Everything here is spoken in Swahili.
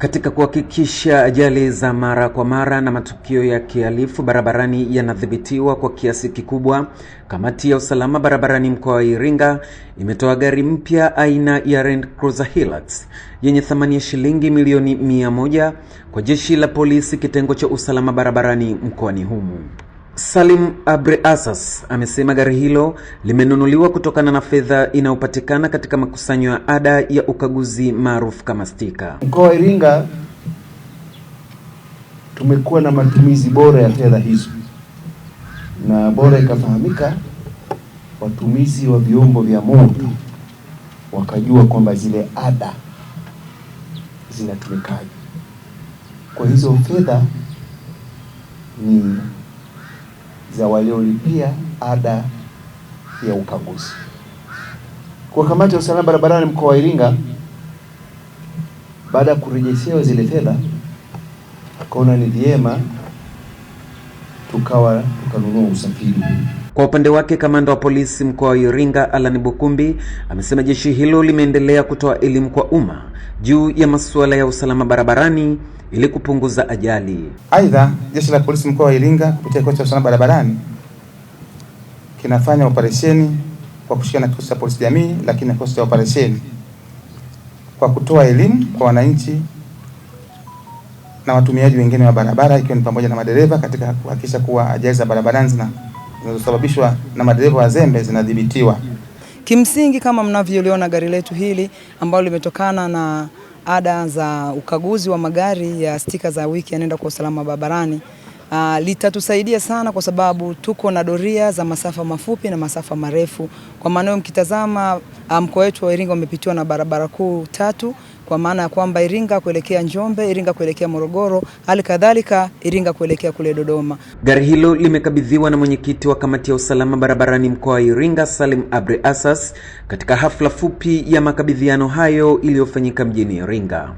Katika kuhakikisha ajali za mara kwa mara na matukio ya kihalifu barabarani yanadhibitiwa kwa kiasi kikubwa, kamati ya usalama barabarani mkoa wa Iringa imetoa gari mpya aina ya Land Cruiser Hilux yenye thamani ya shilingi milioni mia moja kwa jeshi la polisi kitengo cha usalama barabarani mkoani humu. Salim Abre Asas amesema gari hilo limenunuliwa kutokana na fedha inayopatikana katika makusanyo ya ada ya ukaguzi maarufu kama stika. Mkoa wa Iringa tumekuwa na matumizi bora ya fedha hizo, na bora ikafahamika, watumizi wa vyombo vya moto wakajua kwamba zile ada zinatumikaje. Kwa hizo fedha ni za waliolipia ada ya ukaguzi. Kwa kamati ya usalama barabarani mkoa wa Iringa, baada ya kurejeshewa zile fedha, akaona ni vyema tukawa tukanunua usafiri. Kwa upande wake kamanda wa polisi mkoa wa Iringa Alan Bukumbi amesema jeshi hilo limeendelea kutoa elimu kwa umma juu ya masuala ya usalama barabarani ili kupunguza ajali. Aidha, jeshi la polisi mkoa wa Iringa kupitia kikosi cha usalama barabarani kinafanya operesheni kwa kushirikiana na kikosi cha polisi jamii, lakini na kikosi cha operesheni kwa kutoa elimu kwa wananchi na watumiaji wengine wa barabara ikiwa ni pamoja na madereva katika kuhakikisha kuwa ajali za barabarani zinazosababishwa na madereva wazembe zinadhibitiwa. Kimsingi, kama mnavyoliona gari letu hili ambalo limetokana na ada za ukaguzi wa magari ya stika za wiki yanaenda kwa usalama barabarani. Uh, litatusaidia sana kwa sababu tuko na doria za masafa mafupi na masafa marefu. Kwa maana mkitazama ah, mkoa wetu wa Iringa umepitiwa na barabara kuu tatu, kwa maana ya kwamba Iringa kuelekea Njombe, Iringa kuelekea Morogoro, hali kadhalika Iringa kuelekea kule Dodoma. Gari hilo limekabidhiwa na mwenyekiti wa kamati ya usalama barabarani mkoa wa Iringa, Salim Abre Asas, katika hafla fupi ya makabidhiano hayo iliyofanyika mjini Iringa.